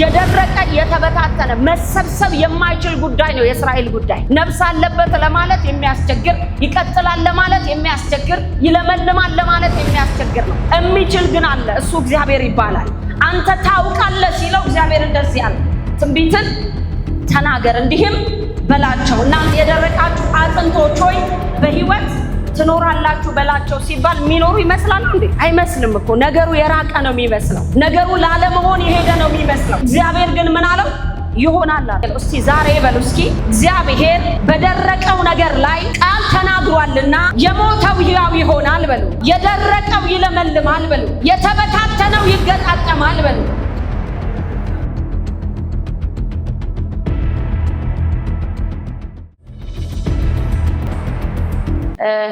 የደረቀ የተበታተነ መሰብሰብ የማይችል ጉዳይ ነው የእስራኤል ጉዳይ። ነፍስ አለበት ለማለት የሚያስቸግር፣ ይቀጥላል ለማለት የሚያስቸግር፣ ይለመልማል ለማለት የሚያስቸግር ነው። የሚችል ግን አለ፣ እሱ እግዚአብሔር ይባላል። አንተ ታውቃለህ ሲለው እግዚአብሔር እንደዚህ አለ፣ ትንቢትን ተናገር እንዲህም በላቸው እናንተ የደረቃችሁ አጥንቶች ሆይ በህይወት ትኖራላችሁ በላቸው ሲባል የሚኖሩ ይመስላሉ እንዴ? አይመስልም እኮ ነገሩ የራቀ ነው የሚመስለው። ነገሩ ላለመሆን የሄደ ነው የሚመስለው። እግዚአብሔር ግን ምን አለው? ይሆናል አለ። እስቲ ዛሬ በሉ እስኪ እግዚአብሔር በደረቀው ነገር ላይ ቃል ተናግሯልና የሞተው ሕያው ይሆናል በሉ፣ የደረቀው ይለመልማል በሉ፣ የተበታተነው ይገጣጠማል በሉ።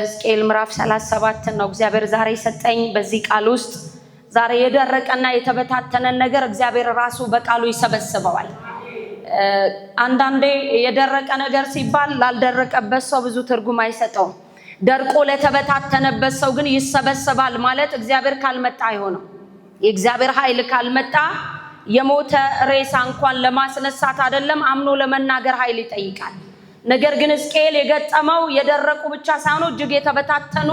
ህዝቅኤል ምዕራፍ 37 ነው እግዚአብሔር ዛሬ ሰጠኝ። በዚህ ቃል ውስጥ ዛሬ የደረቀና የተበታተነን ነገር እግዚአብሔር ራሱ በቃሉ ይሰበስበዋል። አንዳንዴ የደረቀ ነገር ሲባል ላልደረቀበት ሰው ብዙ ትርጉም አይሰጠውም። ደርቆ ለተበታተነበት ሰው ግን ይሰበሰባል ማለት እግዚአብሔር ካልመጣ አይሆንም። የእግዚአብሔር ኃይል ካልመጣ የሞተ ሬሳ እንኳን ለማስነሳት አይደለም አምኖ ለመናገር ኃይል ይጠይቃል። ነገር ግን ሕዝቅኤል የገጠመው የደረቁ ብቻ ሳይሆኑ እጅግ የተበታተኑ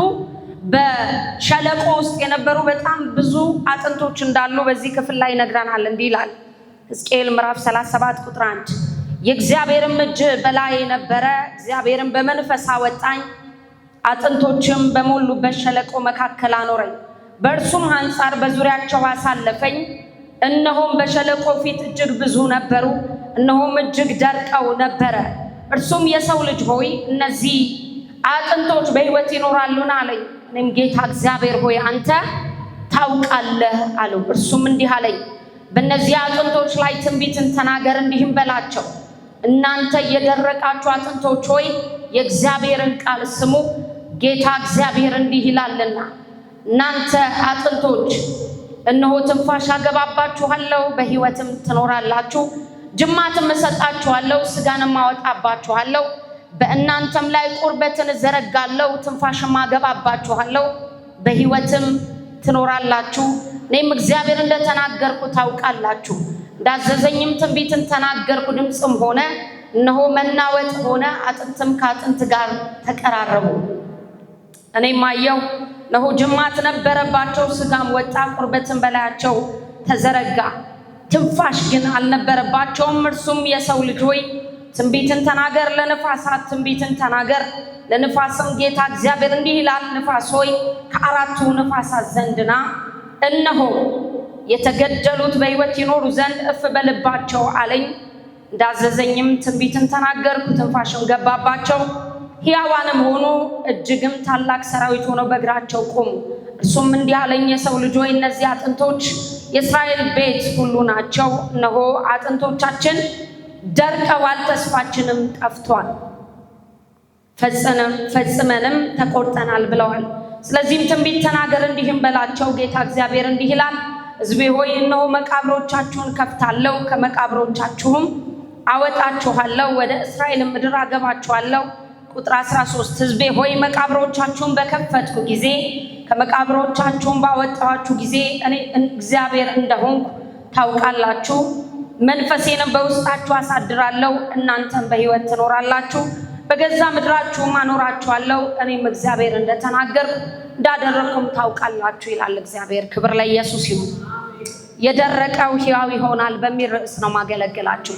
በሸለቆ ውስጥ የነበሩ በጣም ብዙ አጥንቶች እንዳሉ በዚህ ክፍል ላይ ይነግረናል። እንዲህ ይላል ሕዝቅኤል ምዕራፍ 37 ቁጥር 1 የእግዚአብሔርም እጅ በላይ የነበረ እግዚአብሔርም በመንፈስ አወጣኝ፣ አጥንቶችም በሞሉበት ሸለቆ መካከል አኖረኝ። በእርሱም አንጻር በዙሪያቸው አሳለፈኝ። እነሆም በሸለቆ ፊት እጅግ ብዙ ነበሩ፣ እነሆም እጅግ ደርቀው ነበረ። እርሱም የሰው ልጅ ሆይ እነዚህ አጥንቶች በሕይወት ይኖራሉን አለኝ። እኔም ጌታ እግዚአብሔር ሆይ አንተ ታውቃለህ አለው። እርሱም እንዲህ አለኝ፣ በእነዚህ አጥንቶች ላይ ትንቢትን ተናገር፣ እንዲህም በላቸው እናንተ የደረቃችሁ አጥንቶች ሆይ የእግዚአብሔርን ቃል ስሙ። ጌታ እግዚአብሔር እንዲህ ይላልና እናንተ አጥንቶች እነሆ ትንፋሽ አገባባችኋለሁ፣ በሕይወትም ትኖራላችሁ ጅማትም እሰጣችኋለሁ፣ ስጋንም አወጣባችኋለሁ፣ በእናንተም ላይ ቁርበትን እዘረጋለሁ፣ ትንፋሽም አገባባችኋለሁ፣ በህይወትም ትኖራላችሁ። እኔም እግዚአብሔር እንደተናገርኩ ታውቃላችሁ። እንዳዘዘኝም ትንቢትን ተናገርኩ፣ ድምፅም ሆነ እነሆ መናወጥ ሆነ፣ አጥንትም ከአጥንት ጋር ተቀራረቡ። እኔም አየሁ፣ እነሆ ጅማት ነበረባቸው፣ ስጋም ወጣ፣ ቁርበትን በላያቸው ተዘረጋ ትንፋሽ ግን አልነበረባቸውም። እርሱም የሰው ልጅ ሆይ ትንቢትን ተናገር፣ ለንፋሳት ትንቢትን ተናገር፣ ለንፋስም ጌታ እግዚአብሔር እንዲህ ይላል፣ ንፋስ ሆይ ከአራቱ ንፋሳት ዘንድና እነሆ የተገደሉት በሕይወት ይኖሩ ዘንድ እፍ በልባቸው አለኝ። እንዳዘዘኝም ትንቢትን ተናገርኩ፣ ትንፋሽም ገባባቸው፣ ሕያዋንም ሆኑ፣ እጅግም ታላቅ ሰራዊት ሆነው በእግራቸው ቆሙ። እርሱም እንዲህ አለኝ፣ የሰው ልጅ ሆይ እነዚህ አጥንቶች የእስራኤል ቤት ሁሉ ናቸው። እነሆ አጥንቶቻችን ደርቀዋል፣ ተስፋችንም ጠፍቷል፣ ፈጽመንም ተቆርጠናል ብለዋል። ስለዚህም ትንቢት ተናገር፣ እንዲህም በላቸው፣ ጌታ እግዚአብሔር እንዲህ ይላል፣ ሕዝቤ ሆይ እነሆ መቃብሮቻችሁን ከፍታለሁ፣ ከመቃብሮቻችሁም አወጣችኋለሁ፣ ወደ እስራኤል ምድር አገባችኋለሁ። ቁጥር 13 ሕዝቤ ሆይ መቃብሮቻችሁን በከፈትኩ ጊዜ ከመቃብሮቻችሁም ባወጣኋችሁ ጊዜ እኔ እግዚአብሔር እንደሆንኩ ታውቃላችሁ። መንፈሴንም በውስጣችሁ አሳድራለሁ፣ እናንተም በሕይወት ትኖራላችሁ፣ በገዛ ምድራችሁም አኖራችኋለሁ። እኔም እግዚአብሔር እንደተናገርኩ እንዳደረግኩም ታውቃላችሁ ይላል እግዚአብሔር። ክብር ለኢየሱስ ይሁን። የደረቀው ሕያው ይሆናል በሚል ርዕስ ነው ማገለግላችሁ።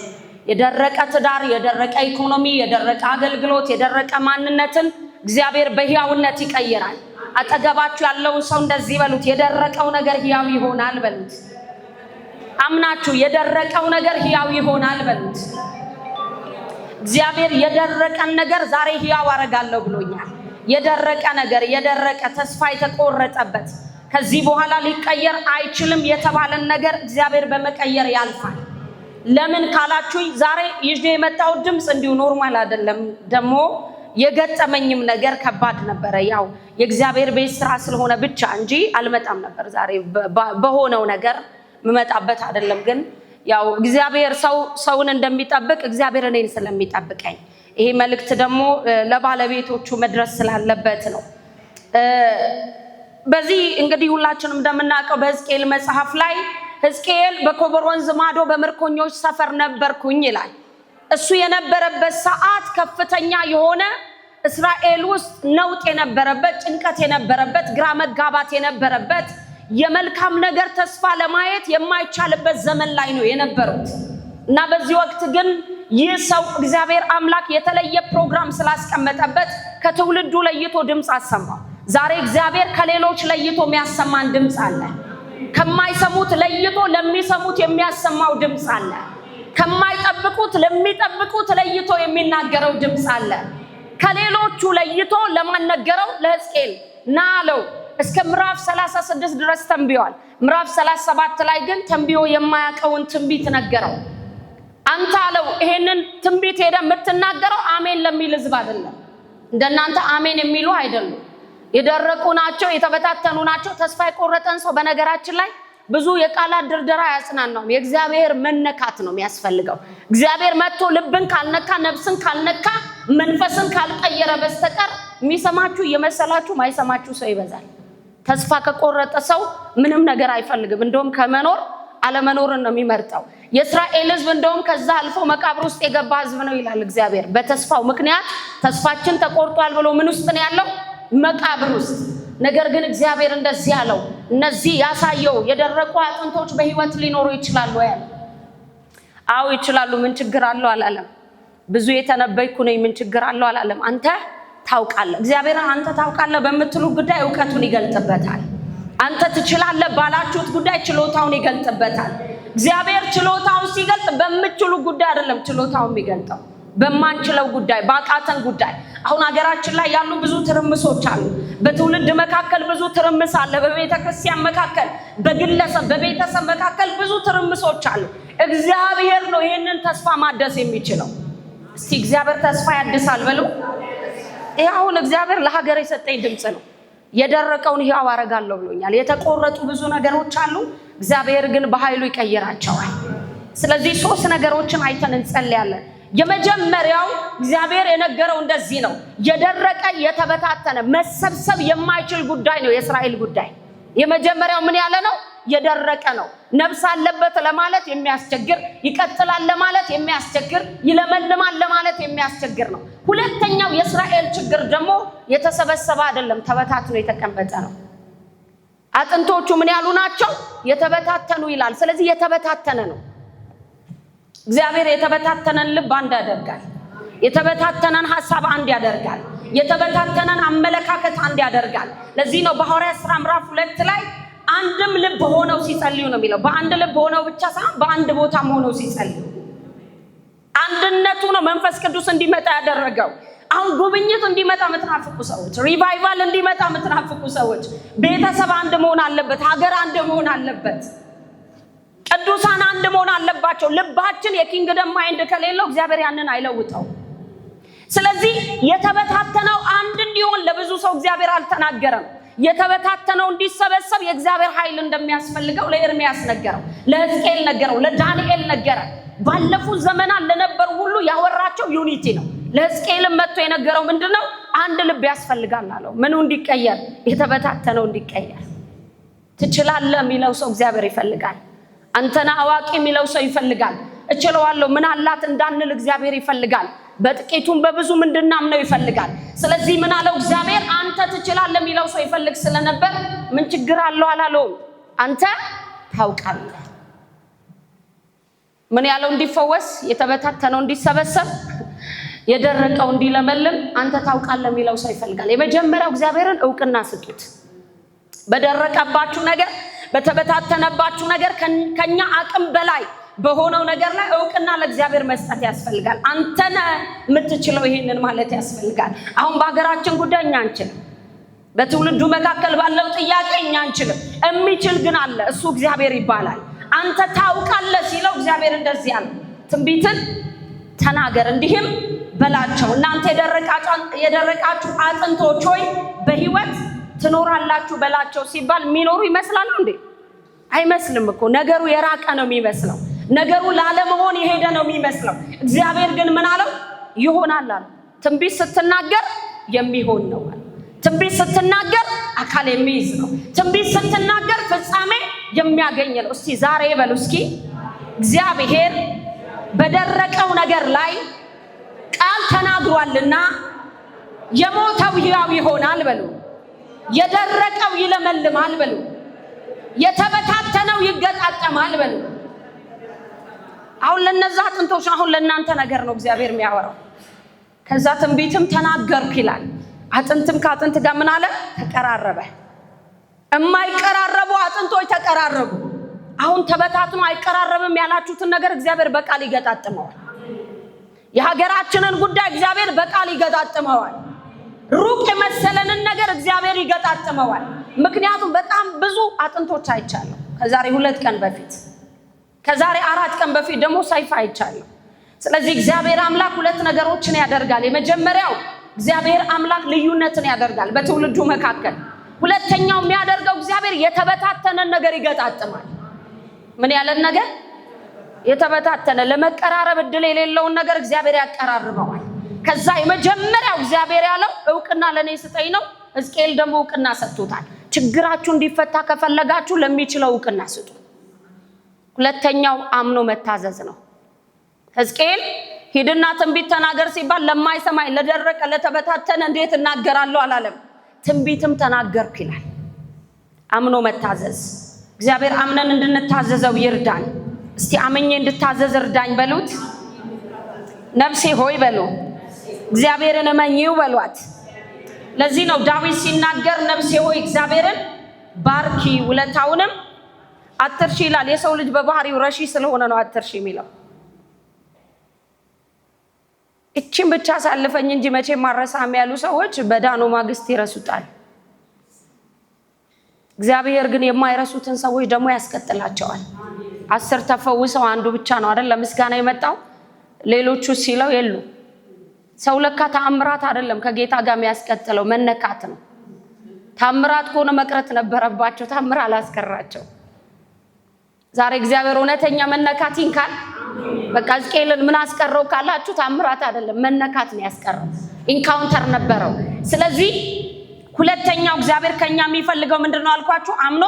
የደረቀ ትዳር፣ የደረቀ ኢኮኖሚ፣ የደረቀ አገልግሎት፣ የደረቀ ማንነትን እግዚአብሔር በህያውነት ይቀይራል። አጠገባችሁ ያለውን ሰው እንደዚህ በሉት፣ የደረቀው ነገር ህያው ይሆናል በሉት። አምናችሁ የደረቀው ነገር ህያው ይሆናል በሉት። እግዚአብሔር የደረቀን ነገር ዛሬ ህያው አረጋለሁ ብሎኛል። የደረቀ ነገር የደረቀ ተስፋ የተቆረጠበት ከዚህ በኋላ ሊቀየር አይችልም የተባለን ነገር እግዚአብሔር በመቀየር ያልፋል። ለምን ካላችሁ ዛሬ ይዤ የመጣው ድምፅ እንዲሁ ኖርማል አይደለም ደግሞ የገጠመኝም ነገር ከባድ ነበረ። ያው የእግዚአብሔር ቤት ስራ ስለሆነ ብቻ እንጂ አልመጣም ነበር። ዛሬ በሆነው ነገር ምመጣበት አይደለም። ግን ያው እግዚአብሔር ሰው ሰውን እንደሚጠብቅ እግዚአብሔር እኔን ስለሚጠብቀኝ ይሄ መልእክት ደግሞ ለባለቤቶቹ መድረስ ስላለበት ነው። በዚህ እንግዲህ ሁላችንም እንደምናውቀው በሕዝቅኤል መጽሐፍ ላይ ሕዝቅኤል በኮበር ወንዝ ማዶ በምርኮኞች ሰፈር ነበርኩኝ ይላል። እሱ የነበረበት ሰዓት ከፍተኛ የሆነ እስራኤል ውስጥ ነውጥ የነበረበት፣ ጭንቀት የነበረበት፣ ግራ መጋባት የነበረበት፣ የመልካም ነገር ተስፋ ለማየት የማይቻልበት ዘመን ላይ ነው የነበሩት እና በዚህ ወቅት ግን ይህ ሰው እግዚአብሔር አምላክ የተለየ ፕሮግራም ስላስቀመጠበት ከትውልዱ ለይቶ ድምፅ አሰማው። ዛሬ እግዚአብሔር ከሌሎች ለይቶ የሚያሰማን ድምፅ አለ። ከማይሰሙት ለይቶ ለሚሰሙት የሚያሰማው ድምፅ አለ። ከማይጠብቁት ለሚጠብቁት ለይቶ የሚናገረው ድምፅ አለ። ከሌሎቹ ለይቶ ለማን ነገረው? ለሕዝቅኤል ና አለው። እስከ ምዕራፍ 36 ድረስ ተንብዮአል። ምዕራፍ 37 ላይ ግን ተንብዮ የማያውቀውን ትንቢት ነገረው። አንተ አለው ይሄንን ትንቢት ሄደ የምትናገረው አሜን ለሚል ህዝብ አይደለም። እንደናንተ አሜን የሚሉ አይደሉም። የደረቁ ናቸው፣ የተበታተኑ ናቸው። ተስፋ የቆረጠን ሰው በነገራችን ላይ ብዙ የቃላት ድርድራ አያጽናናውም። የእግዚአብሔር መነካት ነው የሚያስፈልገው። እግዚአብሔር መጥቶ ልብን ካልነካ፣ ነፍስን ካልነካ፣ መንፈስን ካልቀየረ በስተቀር የሚሰማችሁ እየመሰላችሁ ማይሰማችሁ ሰው ይበዛል። ተስፋ ከቆረጠ ሰው ምንም ነገር አይፈልግም። እንደውም ከመኖር አለመኖርን ነው የሚመርጠው። የእስራኤል ሕዝብ እንደውም ከዛ አልፎ መቃብር ውስጥ የገባ ሕዝብ ነው ይላል እግዚአብሔር። በተስፋው ምክንያት ተስፋችን ተቆርጧል ብሎ ምን ውስጥ ነው ያለው? መቃብር ውስጥ ነገር ግን እግዚአብሔር እንደዚህ ያለው እነዚህ ያሳየው የደረቁ አጥንቶች በህይወት ሊኖሩ ይችላሉ ያለ። አዎ ይችላሉ፣ ምን ችግር አለው አላለም። ብዙ የተነበይኩ ነኝ፣ ምን ችግር አለው አላለም። አንተ ታውቃለህ። እግዚአብሔርን አንተ ታውቃለህ በምትሉ ጉዳይ እውቀቱን ይገልጥበታል። አንተ ትችላለህ ባላችሁት ጉዳይ ችሎታውን ይገልጥበታል። እግዚአብሔር ችሎታውን ሲገልጥ በምትችሉ ጉዳይ አይደለም ችሎታውን የሚገልጠው በማንችለው ጉዳይ፣ ባቃተን ጉዳይ። አሁን ሀገራችን ላይ ያሉ ብዙ ትርምሶች አሉ። በትውልድ መካከል ብዙ ትርምስ አለ። በቤተ ክርስቲያን መካከል፣ በግለሰብ በቤተሰብ መካከል ብዙ ትርምሶች አሉ። እግዚአብሔር ነው ይህንን ተስፋ ማደስ የሚችለው። እስቲ እግዚአብሔር ተስፋ ያድሳል በሉ። ይህ አሁን እግዚአብሔር ለሀገር የሰጠኝ ድምፅ ነው። የደረቀውን ሕያው አረጋለሁ ብሎኛል። የተቆረጡ ብዙ ነገሮች አሉ። እግዚአብሔር ግን በኃይሉ ይቀይራቸዋል። ስለዚህ ሶስት ነገሮችን አይተን እንጸልያለን። የመጀመሪያው እግዚአብሔር የነገረው እንደዚህ ነው። የደረቀ የተበታተነ መሰብሰብ የማይችል ጉዳይ ነው የእስራኤል ጉዳይ። የመጀመሪያው ምን ያለ ነው? የደረቀ ነው። ነፍስ አለበት ለማለት የሚያስቸግር፣ ይቀጥላል ለማለት የሚያስቸግር፣ ይለመልማል ለማለት የሚያስቸግር ነው። ሁለተኛው የእስራኤል ችግር ደግሞ የተሰበሰበ አይደለም፣ ተበታትኖ የተቀመጠ ነው። አጥንቶቹ ምን ያሉ ናቸው? የተበታተኑ ይላል። ስለዚህ የተበታተነ ነው። እግዚአብሔር የተበታተነን ልብ አንድ ያደርጋል። የተበታተነን ሀሳብ አንድ ያደርጋል። የተበታተነን አመለካከት አንድ ያደርጋል። ለዚህ ነው በሐዋርያ ስራ ምዕራፍ ሁለት ላይ አንድም ልብ ሆነው ሲጸልዩ ነው የሚለው። በአንድ ልብ ሆነው ብቻ ሳይሆን በአንድ ቦታም ሆነው ሲጸልዩ አንድነቱ ነው መንፈስ ቅዱስ እንዲመጣ ያደረገው። አሁን ጉብኝት እንዲመጣ የምትናፍቁ ሰዎች፣ ሪቫይቫል እንዲመጣ የምትናፍቁ ሰዎች፣ ቤተሰብ አንድ መሆን አለበት። ሀገር አንድ መሆን አለበት። ቅዱሳን አንድ መሆን አለባቸው። ልባችን የኪንግደም ማይንድ ከሌለው እግዚአብሔር ያንን አይለውጠው። ስለዚህ የተበታተነው አንድ እንዲሆን ለብዙ ሰው እግዚአብሔር አልተናገረም። የተበታተነው እንዲሰበሰብ የእግዚአብሔር ኃይል እንደሚያስፈልገው ለኤርሚያስ ነገረው፣ ለሕዝቅኤል ነገረው፣ ለዳንኤል ነገረ። ባለፉት ዘመናት ለነበሩ ሁሉ ያወራቸው ዩኒቲ ነው። ለሕዝቅኤልም መጥቶ የነገረው ምንድን ነው? አንድ ልብ ያስፈልጋል አለው። ምኑ እንዲቀየር? የተበታተነው እንዲቀየር። ትችላለህ የሚለው ሰው እግዚአብሔር ይፈልጋል። አንተን አዋቂ የሚለው ሰው ይፈልጋል። እችለዋለሁ ምን አላት እንዳንል እግዚአብሔር ይፈልጋል። በጥቂቱም በብዙ እንድናምነው ይፈልጋል። ስለዚህ ምን አለው እግዚአብሔር? አንተ ትችላለህ የሚለው ሰው ይፈልግ ስለነበር ምን ችግር አለው አላለውም። አንተ ታውቃለህ። ምን ያለው እንዲፈወስ፣ የተበታተነው እንዲሰበሰብ፣ የደረቀው እንዲለመልም አንተ ታውቃለህ የሚለው ሰው ይፈልጋል። የመጀመሪያው እግዚአብሔርን እውቅና ስጡት በደረቀባችሁ ነገር በተበታተነባችሁ ነገር፣ ከኛ አቅም በላይ በሆነው ነገር ላይ እውቅና ለእግዚአብሔር መስጠት ያስፈልጋል። አንተነ የምትችለው ይሄንን ማለት ያስፈልጋል። አሁን በሀገራችን ጉዳይ እኛ አንችልም። በትውልዱ መካከል ባለው ጥያቄ እኛ አንችልም። የሚችል ግን አለ፣ እሱ እግዚአብሔር ይባላል። አንተ ታውቃለ ሲለው እግዚአብሔር እንደዚህ አለ፣ ትንቢትን ተናገር እንዲህም በላቸው እናንተ የደረቃችሁ አጥንቶች ሆይ በህይወት ትኖራላችሁ በላቸው ሲባል የሚኖሩ ይመስላሉ እንዴ? አይመስልም እኮ ነገሩ የራቀ ነው የሚመስለው። ነገሩ ላለመሆን የሄደ ነው የሚመስለው። እግዚአብሔር ግን ምን አለው? ይሆናል አለ። ትንቢት ስትናገር የሚሆን ነው አለ። ትንቢት ስትናገር አካል የሚይዝ ነው። ትንቢት ስትናገር ፍጻሜ የሚያገኝ ነው። እስቲ ዛሬ በሉ እስኪ እግዚአብሔር በደረቀው ነገር ላይ ቃል ተናግሯልና የሞተው ሕያው ይሆናል በሉ የደረቀው ይለመልማል በሉ። የተበታተነው ይገጣጠማል በሉ። አሁን ለነዛ አጥንቶች አሁን ለእናንተ ነገር ነው እግዚአብሔር የሚያወራው። ከዛ ትንቢትም ተናገርኩ ይላል። አጥንትም ከአጥንት ጋር ምን አለ ተቀራረበ። የማይቀራረቡ አጥንቶች ተቀራረቡ። አሁን ተበታትኖ አይቀራረብም ያላችሁትን ነገር እግዚአብሔር በቃል ይገጣጥመዋል። የሀገራችንን ጉዳይ እግዚአብሔር በቃል ይገጣጥመዋል። ሩቅ የመሰለንን ነገር እግዚአብሔር ይገጣጥመዋል። ምክንያቱም በጣም ብዙ አጥንቶች አይቻለሁ። ከዛሬ ሁለት ቀን በፊት ከዛሬ አራት ቀን በፊት ደግሞ ሰይፍ አይቻለሁ። ስለዚህ እግዚአብሔር አምላክ ሁለት ነገሮችን ያደርጋል። የመጀመሪያው እግዚአብሔር አምላክ ልዩነትን ያደርጋል በትውልዱ መካከል። ሁለተኛው የሚያደርገው እግዚአብሔር የተበታተነን ነገር ይገጣጥማል። ምን ያለን ነገር? የተበታተነ ለመቀራረብ እድል የሌለውን ነገር እግዚአብሔር ያቀራርበዋል። ከዛ የመጀመሪያው እግዚአብሔር ያለው እውቅና ለእኔ ስጠኝ ነው። ሕዝቅኤል ደግሞ እውቅና ሰጥቶታል። ችግራችሁ እንዲፈታ ከፈለጋችሁ ለሚችለው እውቅና ስጡ። ሁለተኛው አምኖ መታዘዝ ነው። ሕዝቅኤል ሂድና ትንቢት ተናገር ሲባል ለማይሰማኝ ለደረቀ ለተበታተነ እንዴት እናገራለሁ አላለም። ትንቢትም ተናገርኩ ይላል። አምኖ መታዘዝ። እግዚአብሔር አምነን እንድንታዘዘው ይርዳን። እስቲ አምኜ እንድታዘዝ እርዳኝ በሉት። ነፍሴ ሆይ በሉ። እግዚአብሔርን እመኚው በሏት። ለዚህ ነው ዳዊት ሲናገር ነፍሴ ሆይ እግዚአብሔርን ባርኪ ውለታውንም አትርሺ ይላል። የሰው ልጅ በባህሪው ረሺ ስለሆነ ነው አትርሺ የሚለው። እቺን ብቻ ሳልፈኝ እንጂ መቼም ማረሳም ያሉ ሰዎች በዳኖ ማግስት ይረሱታል። እግዚአብሔር ግን የማይረሱትን ሰዎች ደግሞ ያስቀጥላቸዋል። አስር ተፈውሰው አንዱ ብቻ ነው አይደል ለምስጋና የመጣው ሌሎቹ ሲለው የሉም። ሰው ለካ ታምራት አይደለም ከጌታ ጋር የሚያስቀጥለው መነካት ነው። ታምራት ከሆነ መቅረት ነበረባቸው። ታምር አላስቀራቸው። ዛሬ እግዚአብሔር እውነተኛ መነካት ይንካል። በቃ ሕዝቅኤልን ምን አስቀረው ካላችሁ ታምራት አይደለም መነካት ነው ያስቀረው። ኢንካውንተር ነበረው። ስለዚህ ሁለተኛው እግዚአብሔር ከኛ የሚፈልገው ምንድን ነው አልኳችሁ? አምኖ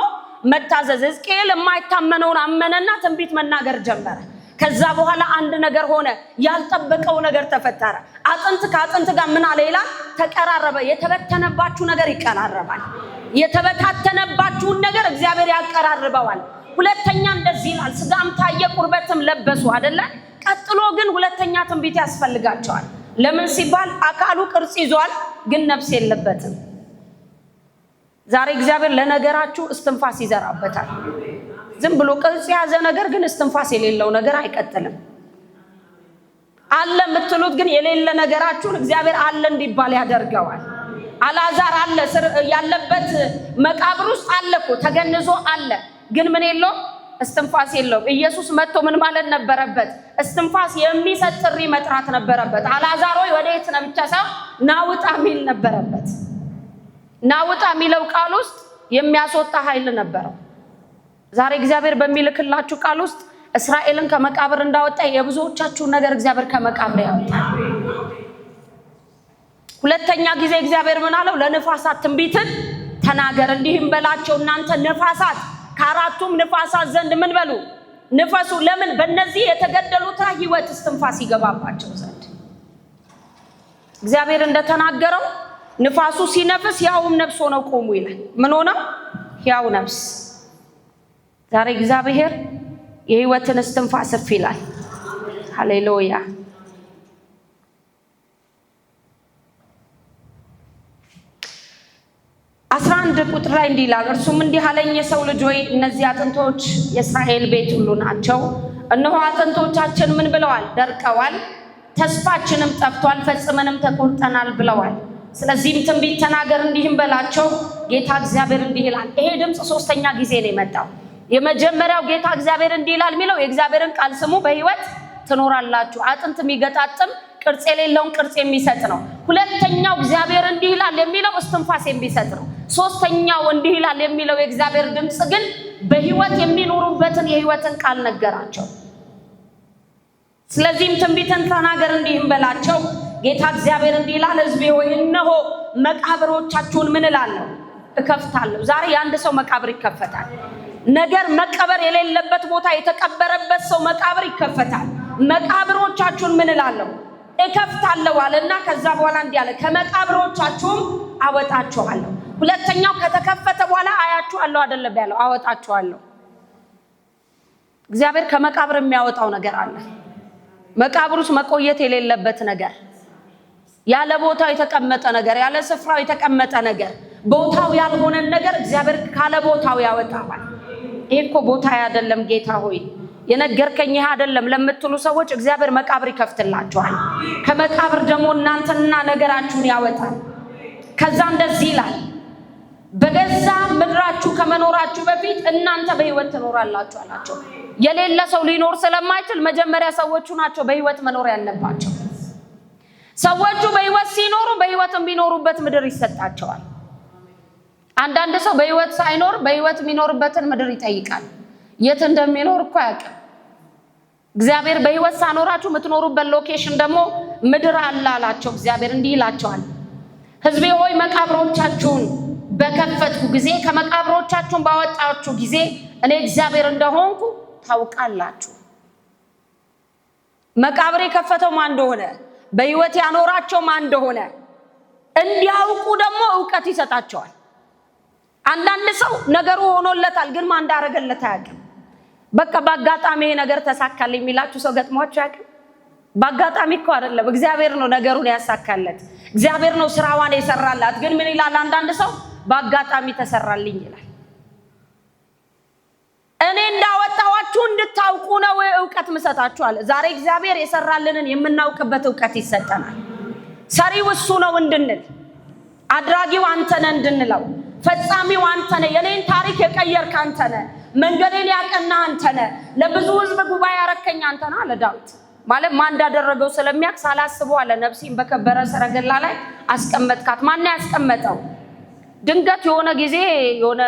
መታዘዝ። ሕዝቅኤል የማይታመነውን አመነና ትንቢት መናገር ጀመረ። ከዛ በኋላ አንድ ነገር ሆነ። ያልጠበቀው ነገር ተፈጠረ። አጥንት ከአጥንት ጋር ምን አለ ይላል ተቀራረበ። የተበተነባችሁ ነገር ይቀራረባል። የተበታተነባችሁን ነገር እግዚአብሔር ያቀራርበዋል። ሁለተኛ እንደዚህ ይላል፣ ስጋም ታየ ቁርበትም ለበሱ አደለ። ቀጥሎ ግን ሁለተኛ ትንቢት ያስፈልጋቸዋል። ለምን ሲባል አካሉ ቅርጽ ይዟል፣ ግን ነፍስ የለበትም። ዛሬ እግዚአብሔር ለነገራችሁ እስትንፋስ ይዘራበታል። ዝም ብሎ ቅርጽ የያዘ ነገር ግን እስትንፋስ የሌለው ነገር አይቀጥልም። አለ የምትሉት ግን የሌለ ነገራችሁን እግዚአብሔር አለ እንዲባል ያደርገዋል። አላዛር አለ ስር ያለበት መቃብር ውስጥ አለ እኮ ተገንዞ አለ፣ ግን ምን የለውም እስትንፋስ የለውም። ኢየሱስ መጥቶ ምን ማለት ነበረበት? እስትንፋስ የሚሰጥ ጥሪ መጥራት ነበረበት። አላዛር ሆይ ወደ የት ነህ ብቻ ሳይሆን ናውጣ የሚል ነበረበት። ናውጣ የሚለው ቃል ውስጥ የሚያስወጣ ኃይል ነበረው። ዛሬ እግዚአብሔር በሚልክላችሁ ቃል ውስጥ እስራኤልን ከመቃብር እንዳወጣ የብዙዎቻችሁን ነገር እግዚአብሔር ከመቃብር ያወጣ ሁለተኛ ጊዜ እግዚአብሔር ምን አለው? ለንፋሳት ትንቢትን ተናገር እንዲህም በላቸው፣ እናንተ ንፋሳት ከአራቱም ንፋሳት ዘንድ ምን በሉ ንፈሱ። ለምን? በእነዚህ የተገደሉት ሕይወት እስትንፋስ ይገባባቸው ዘንድ እግዚአብሔር እንደተናገረው ንፋሱ ሲነፍስ ያውም ነፍስ ሆነው ቆሙ ይላል። ምን ሆነው ያው ነፍስ ዛሬ እግዚአብሔር የህይወትን እስትንፋስ እፍ ይላል። ሃሌሉያ። አስራ አንድ ቁጥር ላይ እንዲህ ይላል፣ እርሱም እንዲህ አለኝ፣ የሰው ልጅ ሆይ እነዚህ አጥንቶች የእስራኤል ቤት ሁሉ ናቸው። እነሆ አጥንቶቻችን ምን ብለዋል? ደርቀዋል፣ ተስፋችንም ጠፍቷል፣ ፈጽመንም ተቆርጠናል ብለዋል። ስለዚህም ትንቢት ተናገር እንዲህም በላቸው፣ ጌታ እግዚአብሔር እንዲህ ይላል። ይሄ ድምፅ ሶስተኛ ጊዜ ነው የመጣው የመጀመሪያው ጌታ እግዚአብሔር እንዲህ ይላል የሚለው የእግዚአብሔርን ቃል ስሙ፣ በህይወት ትኖራላችሁ። አጥንት የሚገጣጥም ቅርጽ የሌለውን ቅርጽ የሚሰጥ ነው። ሁለተኛው እግዚአብሔር እንዲህ ይላል የሚለው እስትንፋስ የሚሰጥ ነው። ሶስተኛው እንዲህ ይላል የሚለው የእግዚአብሔር ድምፅ ግን በህይወት የሚኖሩበትን የህይወትን ቃል ነገራቸው። ስለዚህም ትንቢትን ተናገር እንዲህም በላቸው ጌታ እግዚአብሔር እንዲህ ይላል፣ ህዝቤ ሆይ እነሆ መቃብሮቻችሁን ምን እላለሁ እከፍታለሁ። ዛሬ የአንድ ሰው መቃብር ይከፈታል። ነገር መቀበር የሌለበት ቦታ የተቀበረበት ሰው መቃብር ይከፈታል። መቃብሮቻችሁን ምን እላለሁ እከፍታለሁ አለና ከዛ በኋላ እንዲህ አለ ከመቃብሮቻችሁም አወጣችኋለሁ። ሁለተኛው ከተከፈተ በኋላ አያችኋለሁ አይደለም ያለው አወጣችኋለሁ። እግዚአብሔር ከመቃብር የሚያወጣው ነገር አለ። መቃብር ውስጥ መቆየት የሌለበት ነገር፣ ያለ ቦታው የተቀመጠ ነገር፣ ያለ ስፍራው የተቀመጠ ነገር፣ ቦታው ያልሆነን ነገር እግዚአብሔር ካለ ቦታው ያወጣዋል። ይሄ እኮ ቦታ አይደለም ጌታ ሆይ የነገርከኝ ይህ አይደለም ለምትሉ ሰዎች እግዚአብሔር መቃብር ይከፍትላችኋል። ከመቃብር ደግሞ እናንተና ነገራችሁን ያወጣል። ከዛ እንደዚህ ይላል፣ በገዛ ምድራችሁ ከመኖራችሁ በፊት እናንተ በሕይወት ትኖራላችሁ አላቸው። የሌለ ሰው ሊኖር ስለማይችል መጀመሪያ ሰዎቹ ናቸው በሕይወት መኖር ያለባቸው። ሰዎቹ በሕይወት ሲኖሩ በሕይወት ቢኖሩበት ምድር ይሰጣቸዋል። አንዳንድ ሰው በህይወት ሳይኖር በህይወት የሚኖርበትን ምድር ይጠይቃል። የት እንደሚኖር እኮ አያውቅም። እግዚአብሔር በህይወት ሳኖራችሁ የምትኖሩበት ሎኬሽን ደግሞ ምድር አለ አላቸው። እግዚአብሔር እንዲህ ይላቸዋል፣ ህዝቤ ሆይ መቃብሮቻችሁን በከፈትኩ ጊዜ ከመቃብሮቻችሁን ባወጣችሁ ጊዜ እኔ እግዚአብሔር እንደሆንኩ ታውቃላችሁ። መቃብር የከፈተው ማን እንደሆነ፣ በህይወት ያኖራቸው ማን እንደሆነ እንዲያውቁ ደግሞ እውቀት ይሰጣቸዋል። አንዳንድ ሰው ነገሩ ሆኖለታል፣ ግን ማን እንዳረገለት አያውቅም። በቃ በአጋጣሚ ይሄ ነገር ተሳካል የሚላችሁ ሰው ገጥሟችሁ አያውቅም? በአጋጣሚ እኮ አይደለም፣ እግዚአብሔር ነው ነገሩን ያሳካለት። እግዚአብሔር ነው ስራዋን የሰራላት። ግን ምን ይላል? አንዳንድ ሰው በአጋጣሚ ተሰራልኝ ይላል። እኔ እንዳወጣዋችሁ እንድታውቁ ነው እውቀት ምሰጣችኋለሁ። ዛሬ እግዚአብሔር የሰራልንን የምናውቅበት እውቀት ይሰጠናል። ሰሪው እሱ ነው እንድንል፣ አድራጊው አንተ ነህ እንድንለው ፈጻሚው አንተ ነህ። የኔን ታሪክ የቀየርክ አንተ ነህ። መንገዴን ያቀና አንተ ነህ። ለብዙ ሕዝብ ጉባኤ ያረከኝ አንተ ነህ አለ ዳዊት። ማለት ማን እንዳደረገው ስለሚያውቅ ሳላስበው አለ ነፍሴን በከበረ ሰረገላ ላይ አስቀመጥካት። ማነው ያስቀመጠው? ድንገት የሆነ ጊዜ የሆነ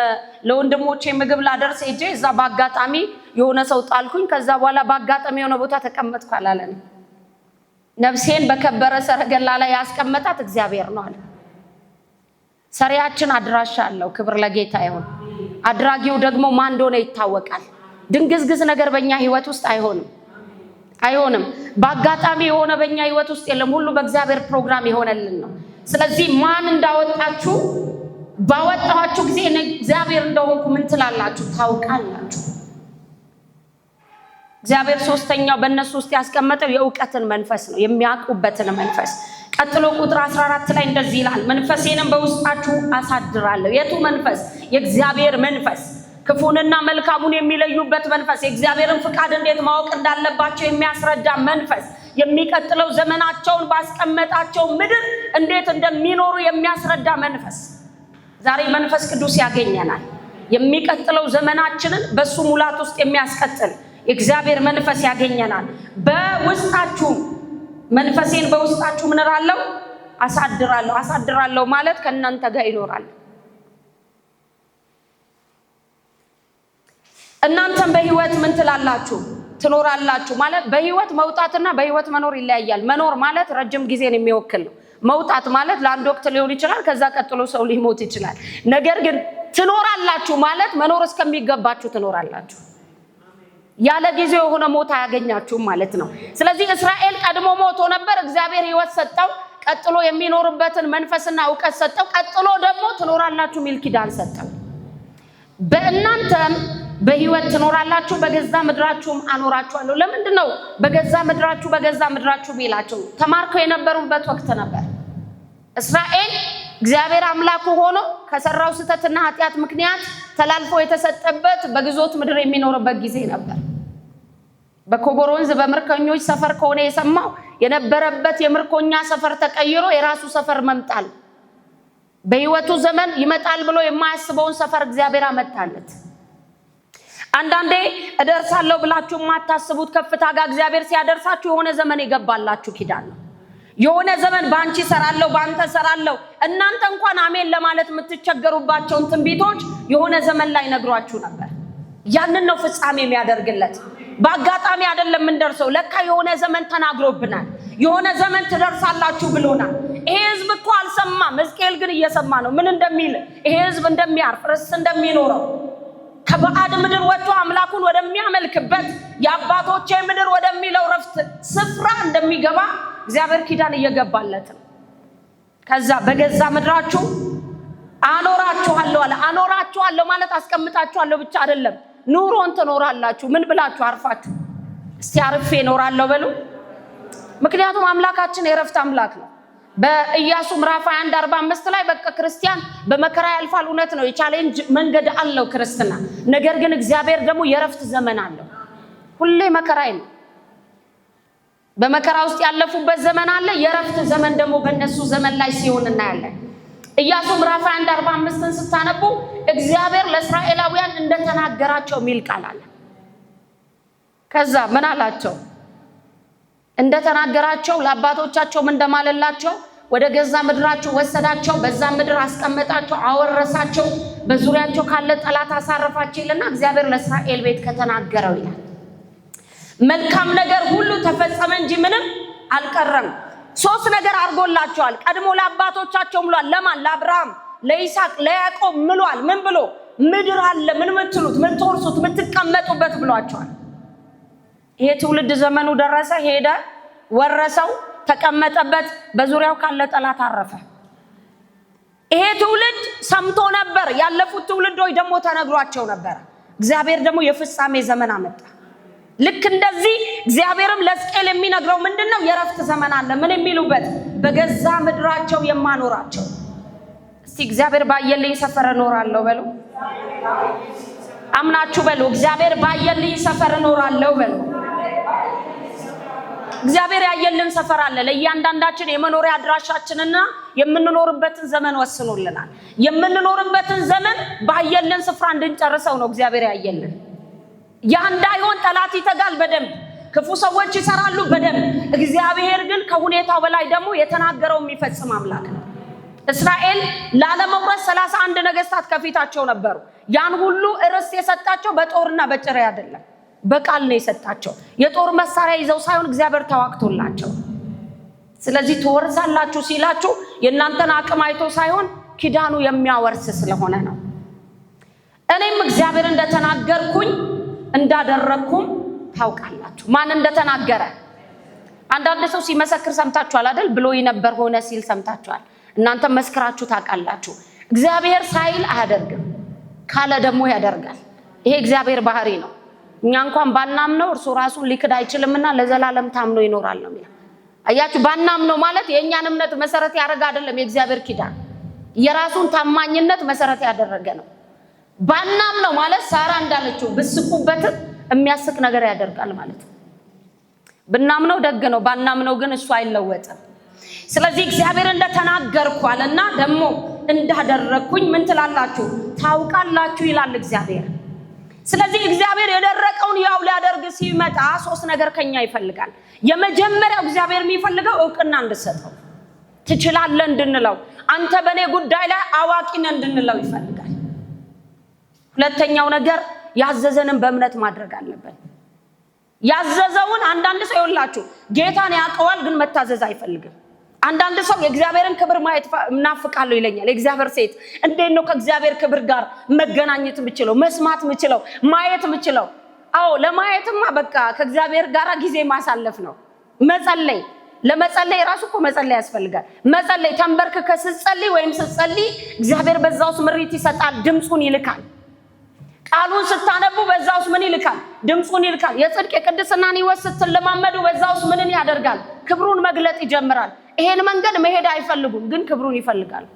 ለወንድሞቼ ምግብ ላደርስ ሄጄ እዛ በአጋጣሚ የሆነ ሰው ጣልኩኝ። ከዛ በኋላ በአጋጣሚ የሆነ ቦታ ተቀመጥኩ አላለን። ነፍሴን በከበረ ሰረገላ ላይ ያስቀመጣት እግዚአብሔር ነው አለ። ሰሪያችን አድራሻ አለው። ክብር ለጌታ ይሁን። አድራጊው ደግሞ ማን እንደሆነ ይታወቃል። ድንግዝግዝ ነገር በእኛ ህይወት ውስጥ አይሆንም አይሆንም። በአጋጣሚ የሆነ በእኛ ህይወት ውስጥ የለም። ሁሉ በእግዚአብሔር ፕሮግራም የሆነልን ነው። ስለዚህ ማን እንዳወጣችሁ ባወጣኋችሁ ጊዜ እግዚአብሔር እንደሆንኩ ምን ትላላችሁ? ታውቃላችሁ። እግዚአብሔር ሶስተኛው በእነሱ ውስጥ ያስቀመጠው የእውቀትን መንፈስ ነው፣ የሚያውቁበትን መንፈስ ቀጥሎ ቁጥር 14 ላይ እንደዚህ ይላል፣ መንፈሴንም በውስጣችሁ አሳድራለሁ። የቱ መንፈስ? የእግዚአብሔር መንፈስ፣ ክፉንና መልካሙን የሚለዩበት መንፈስ፣ የእግዚአብሔርን ፍቃድ እንዴት ማወቅ እንዳለባቸው የሚያስረዳ መንፈስ፣ የሚቀጥለው ዘመናቸውን ባስቀመጣቸው ምድር እንዴት እንደሚኖሩ የሚያስረዳ መንፈስ። ዛሬ መንፈስ ቅዱስ ያገኘናል። የሚቀጥለው ዘመናችንን በእሱ ሙላት ውስጥ የሚያስቀጥል የእግዚአብሔር መንፈስ ያገኘናል በውስጣችሁ መንፈሴን በውስጣችሁ ምንራለው አሳድራለሁ። አሳድራለሁ ማለት ከእናንተ ጋር ይኖራል። እናንተም በህይወት ምን ትላላችሁ? ትኖራላችሁ ማለት በህይወት መውጣትና በህይወት መኖር ይለያያል። መኖር ማለት ረጅም ጊዜን የሚወክል ነው። መውጣት ማለት ለአንድ ወቅት ሊሆን ይችላል። ከዛ ቀጥሎ ሰው ሊሞት ይችላል። ነገር ግን ትኖራላችሁ ማለት መኖር እስከሚገባችሁ ትኖራላችሁ። ያለ ጊዜው የሆነ ሞት አያገኛችሁም ማለት ነው። ስለዚህ እስራኤል ቀድሞ ሞቶ ነበር። እግዚአብሔር ህይወት ሰጠው። ቀጥሎ የሚኖርበትን መንፈስና እውቀት ሰጠው። ቀጥሎ ደግሞ ትኖራላችሁ ሚል ኪዳን ሰጠው። በእናንተም በህይወት ትኖራላችሁ፣ በገዛ ምድራችሁም አኖራችኋለሁ። ለምንድን ነው በገዛ ምድራችሁ በገዛ ምድራችሁ ቢላቸው? ተማርከው የነበሩበት ወቅት ነበር። እስራኤል እግዚአብሔር አምላኩ ሆኖ ከሰራው ስህተትና ኃጢአት ምክንያት ተላልፎ የተሰጠበት በግዞት ምድር የሚኖርበት ጊዜ ነበር። በኮቦር ወንዝ በምርኮኞች ሰፈር ከሆነ የሰማው የነበረበት የምርኮኛ ሰፈር ተቀይሮ የራሱ ሰፈር መምጣል በህይወቱ ዘመን ይመጣል ብሎ የማያስበውን ሰፈር እግዚአብሔር አመጣለት። አንዳንዴ እደርሳለሁ ብላችሁ የማታስቡት ከፍታ ጋር እግዚአብሔር ሲያደርሳችሁ የሆነ ዘመን የገባላችሁ ኪዳን ነው። የሆነ ዘመን በአንቺ ሰራለሁ፣ በአንተ ሰራለሁ፣ እናንተ እንኳን አሜን ለማለት የምትቸገሩባቸውን ትንቢቶች የሆነ ዘመን ላይ ነግሯችሁ ነበር። ያንን ነው ፍጻሜ የሚያደርግለት። በአጋጣሚ አይደለም የምንደርሰው። ለካ የሆነ ዘመን ተናግሮብናል። የሆነ ዘመን ትደርሳላችሁ ብሎናል። ይሄ ህዝብ እኮ አልሰማም። ሕዝቅኤል ግን እየሰማ ነው። ምን እንደሚል ይሄ ህዝብ እንደሚያርፍ ርስ እንደሚኖረው ከባዕድ ምድር ወጥቶ አምላኩን ወደሚያመልክበት የአባቶቼ ምድር ወደሚለው ረፍት ስፍራ እንደሚገባ እግዚአብሔር ኪዳን እየገባለት ነው። ከዛ በገዛ ምድራችሁ አኖራችኋለሁ አለ። አኖራችኋለሁ ማለት አስቀምጣችኋለሁ ብቻ አይደለም ኑሮን ትኖራላችሁ። ምን ብላችሁ አርፋችሁ እስቲ አርፌ እኖራለሁ በሉ። ምክንያቱም አምላካችን የእረፍት አምላክ ነው። በኢያሱ ምዕራፍ 21 45 ላይ በቃ ክርስቲያን በመከራ ያልፋል። እውነት ነው፣ የቻሌንጅ መንገድ አለው ክርስትና። ነገር ግን እግዚአብሔር ደግሞ የእረፍት ዘመን አለው። ሁሌ መከራ ነው። በመከራ ውስጥ ያለፉበት ዘመን አለ። የእረፍት ዘመን ደግሞ በእነሱ ዘመን ላይ ሲሆን እናያለን። ኢያሱ ምዕራፍ አንድ 45ን ስታነቡ እግዚአብሔር ለእስራኤላውያን እንደተናገራቸው የሚል ቃል አለ። ከዛ ምን አላቸው? እንደተናገራቸው ለአባቶቻቸውም እንደማለላቸው ወደ ገዛ ምድራቸው ወሰዳቸው፣ በዛ ምድር አስቀመጣቸው፣ አወረሳቸው፣ በዙሪያቸው ካለ ጠላት አሳረፋቸው ይልና እግዚአብሔር ለእስራኤል ቤት ከተናገረው ይላል መልካም ነገር ሁሉ ተፈጸመ እንጂ ምንም አልቀረም። ሶስት ነገር አድርጎላቸዋል። ቀድሞ ለአባቶቻቸው ምሏል። ለማን? ለአብርሃም፣ ለይስሐቅ፣ ለያዕቆብ ምሏል። ምን ብሎ ምድር አለ ምን ምትሉት፣ ምትወርሱት፣ ምትቀመጡበት ብሏቸዋል። ይሄ ትውልድ ዘመኑ ደረሰ፣ ሄደ፣ ወረሰው፣ ተቀመጠበት። በዙሪያው ካለ ጠላት አረፈ። ይሄ ትውልድ ሰምቶ ነበር። ያለፉት ትውልዶች ደግሞ ተነግሯቸው ነበር። እግዚአብሔር ደግሞ የፍጻሜ ዘመን አመጣ። ልክ እንደዚህ እግዚአብሔርም ለስቅል የሚነግረው ምንድን ነው? የእረፍት ዘመን አለ። ምን የሚሉበት በገዛ ምድራቸው የማኖራቸው። እስቲ እግዚአብሔር ባየልኝ ሰፈር እኖራለሁ በሉ፣ አምናችሁ በሉ። እግዚአብሔር ባየልኝ ሰፈር እኖራለሁ በሉ። እግዚአብሔር ያየልን ሰፈር አለ። ለእያንዳንዳችን የመኖሪያ አድራሻችንና የምንኖርበትን ዘመን ወስኖልናል። የምንኖርበትን ዘመን ባየልን ስፍራ እንድንጨርሰው ነው እግዚአብሔር ያየልን ያ እንዳይሆን ጠላት ይተጋል በደንብ ክፉ ሰዎች ይሰራሉ በደንብ እግዚአብሔር ግን ከሁኔታው በላይ ደግሞ የተናገረው የሚፈጽም አምላክ ነው። እስራኤል ላለመውረስ ሰላሳ አንድ ነገስታት ከፊታቸው ነበሩ። ያን ሁሉ እርስት የሰጣቸው በጦርና በጭሬ አይደለም፣ በቃል ነው የሰጣቸው። የጦር መሳሪያ ይዘው ሳይሆን እግዚአብሔር ተዋግቶላቸው። ስለዚህ ትወርሳላችሁ ሲላችሁ የእናንተን አቅም አይቶ ሳይሆን ኪዳኑ የሚያወርስ ስለሆነ ነው። እኔም እግዚአብሔር እንደተናገርኩኝ እንዳደረግኩም ታውቃላችሁ። ማን እንደተናገረ አንዳንድ ሰው ሲመሰክር ሰምታችኋል አይደል? ብሎ ነበር ሆነ ሲል ሰምታችኋል። እናንተ መስክራችሁ ታውቃላችሁ። እግዚአብሔር ሳይል አያደርግም፣ ካለ ደግሞ ያደርጋል። ይሄ እግዚአብሔር ባህሪ ነው። እኛ እንኳን ባናምነው እርሱ ራሱ ሊክድ አይችልምና ለዘላለም ታምኖ ይኖራል ነው የሚለው። አያችሁ፣ ባናምነው ማለት የእኛን እምነት መሰረት ያደረገ አይደለም። የእግዚአብሔር ኪዳን የራሱን ታማኝነት መሰረት ያደረገ ነው። ባናም ነው ማለት ሳራ እንዳለችው ብስቁበት የሚያስቅ ነገር ያደርጋል ማለት ነው። ብናምነው ደግ ነው፣ ባናምነው ግን እሱ አይለወጥም። ስለዚህ እግዚአብሔር እንደተናገርኳል እና ደግሞ እንዳደረግኩኝ ምን ትላላችሁ ታውቃላችሁ ይላል እግዚአብሔር። ስለዚህ እግዚአብሔር የደረቀውን ያው ሊያደርግ ሲመጣ ሶስት ነገር ከኛ ይፈልጋል። የመጀመሪያው እግዚአብሔር የሚፈልገው እውቅና እንድሰጠው ትችላለህ እንድንለው፣ አንተ በእኔ ጉዳይ ላይ አዋቂ ነህ እንድንለው ይፈልጋል። ሁለተኛው ነገር ያዘዘንን በእምነት ማድረግ አለብን። ያዘዘውን አንዳንድ ሰው ይኸውላችሁ ጌታን ያውቀዋል፣ ግን መታዘዝ አይፈልግም። አንዳንድ ሰው የእግዚአብሔርን ክብር ማየት እናፍቃለሁ ይለኛል። የእግዚአብሔር ሴት እንዴት ነው ከእግዚአብሔር ክብር ጋር መገናኘት የምችለው መስማት የምችለው ማየት የምችለው? አዎ ለማየትማ በቃ ከእግዚአብሔር ጋር ጊዜ ማሳለፍ ነው መጸለይ ለመጸለይ ራሱ እኮ መጸለይ ያስፈልጋል። መጸለይ ተንበርክከ ስትጸልይ ወይም ስትጸልይ እግዚአብሔር በዛው ምሪት ይሰጣል፣ ድምፁን ይልካል። ቃሉን ስታነቡ በዛ ውስጥ ምን ይልካል? ድምፁን ይልካል። የጽድቅ የቅድስናን ህይወት ስትለማመዱ በዛ ውስጥ ምንን ያደርጋል? ክብሩን መግለጥ ይጀምራል። ይሄን መንገድ መሄድ አይፈልጉም፣ ግን ክብሩን ይፈልጋል።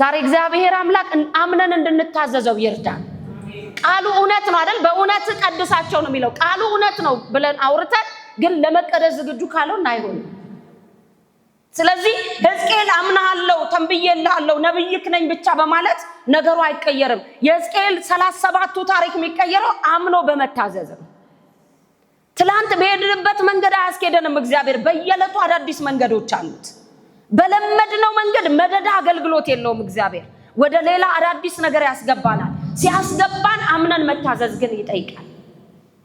ዛሬ እግዚአብሔር አምላክ አምነን እንድንታዘዘው ይርዳል። ቃሉ እውነት ነው አይደል? በእውነት ቀድሳቸው ነው የሚለው። ቃሉ እውነት ነው ብለን አውርተን ግን ለመቀደስ ዝግጁ ካልሆን አይሆንም። ስለዚህ ሕዝቅኤል አምናሃለሁ፣ ተንብዬልሃለሁ፣ ነብይክ ነኝ ብቻ በማለት ነገሩ አይቀየርም። የሕዝቅኤል ሰላሳ ሰባቱ ታሪክ የሚቀየረው አምኖ በመታዘዝ ነው። ትላንት በሄድንበት መንገድ አያስኬደንም። እግዚአብሔር በየዕለቱ አዳዲስ መንገዶች አሉት። በለመድነው መንገድ መደዳ አገልግሎት የለውም። እግዚአብሔር ወደ ሌላ አዳዲስ ነገር ያስገባናል። ሲያስገባን አምነን መታዘዝ ግን ይጠይቃል።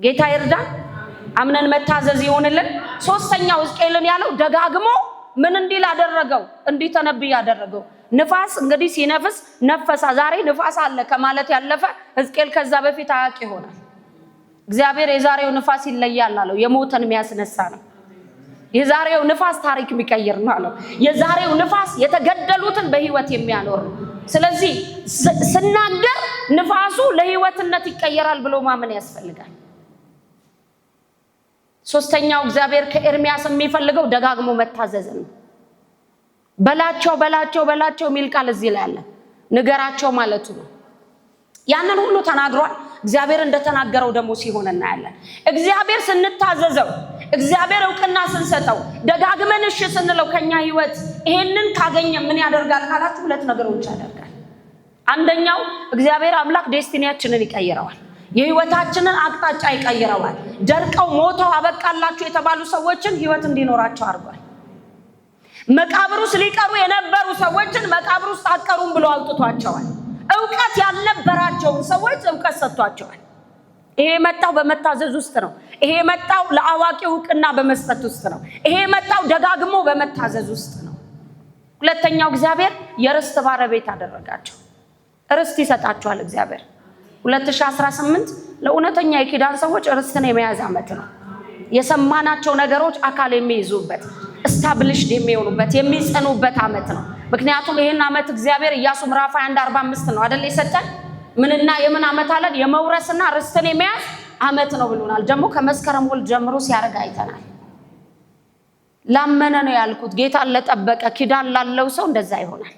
ጌታ ይርዳ። አምነን መታዘዝ ይሆንልን። ሶስተኛው ሕዝቅኤልን ያለው ደጋግሞ ምን እንዲል አደረገው? እንዲተነብይ አደረገው። ንፋስ እንግዲህ ሲነፍስ ነፈሳ። ዛሬ ንፋስ አለ ከማለት ያለፈ ህዝቅኤል ከዛ በፊት አያውቅ ይሆናል። እግዚአብሔር የዛሬው ንፋስ ይለያል አለው። የሞተን የሚያስነሳ ነው። የዛሬው ንፋስ ታሪክ የሚቀይር ነው አለው። የዛሬው ንፋስ የተገደሉትን በህይወት የሚያኖር ነው። ስለዚህ ስናገር ንፋሱ ለህይወትነት ይቀየራል ብሎ ማመን ያስፈልጋል። ሶስተኛው እግዚአብሔር ከኤርሚያስ የሚፈልገው ደጋግሞ መታዘዝ ነው። በላቸው በላቸው በላቸው የሚል ቃል እዚህ ላይ አለ። ንገራቸው ማለቱ ነው። ያንን ሁሉ ተናግሯል። እግዚአብሔር እንደተናገረው ደግሞ ሲሆን እናያለን። እግዚአብሔር ስንታዘዘው፣ እግዚአብሔር እውቅና ስንሰጠው፣ ደጋግመን እሺ ስንለው ከኛ ህይወት ይሄንን ካገኘ ምን ያደርጋል ካላችሁ ሁለት ነገሮች ያደርጋል። አንደኛው እግዚአብሔር አምላክ ዴስቲኒያችንን ይቀይረዋል። የህይወታችንን አቅጣጫ ይቀይረዋል። ደርቀው ሞተው አበቃላችሁ የተባሉ ሰዎችን ህይወት እንዲኖራቸው አድርጓል። መቃብር ውስጥ ሊቀሩ የነበሩ ሰዎችን መቃብር ውስጥ አትቀሩም ብሎ አውጥቷቸዋል። እውቀት ያልነበራቸውን ሰዎች እውቀት ሰጥቷቸዋል። ይሄ የመጣው በመታዘዝ ውስጥ ነው። ይሄ የመጣው ለአዋቂ እውቅና በመስጠት ውስጥ ነው። ይሄ የመጣው ደጋግሞ በመታዘዝ ውስጥ ነው። ሁለተኛው እግዚአብሔር የርስት ባለቤት አደረጋቸው። ርስት ይሰጣቸዋል እግዚአብሔር 2018 ለእውነተኛ የኪዳን ሰዎች ርስትን የመያዝ ዓመት ነው። የሰማናቸው ነገሮች አካል የሚይዙበት እስታብልሽድ የሚሆኑበት የሚጸኑበት ዓመት ነው። ምክንያቱም ይህን ዓመት እግዚአብሔር ኢያሱ ምዕራፍ 21 45 ነው አይደል የሰጠን። ምንና የምን ዓመት አለን? የመውረስና ርስትን የመያዝ ዓመት ነው ብሎናል። ደግሞ ከመስከረም ወር ጀምሮ ሲያደርግ አይተናል። ላመነ ነው ያልኩት። ጌታን ለጠበቀ ኪዳን ላለው ሰው እንደዛ ይሆናል።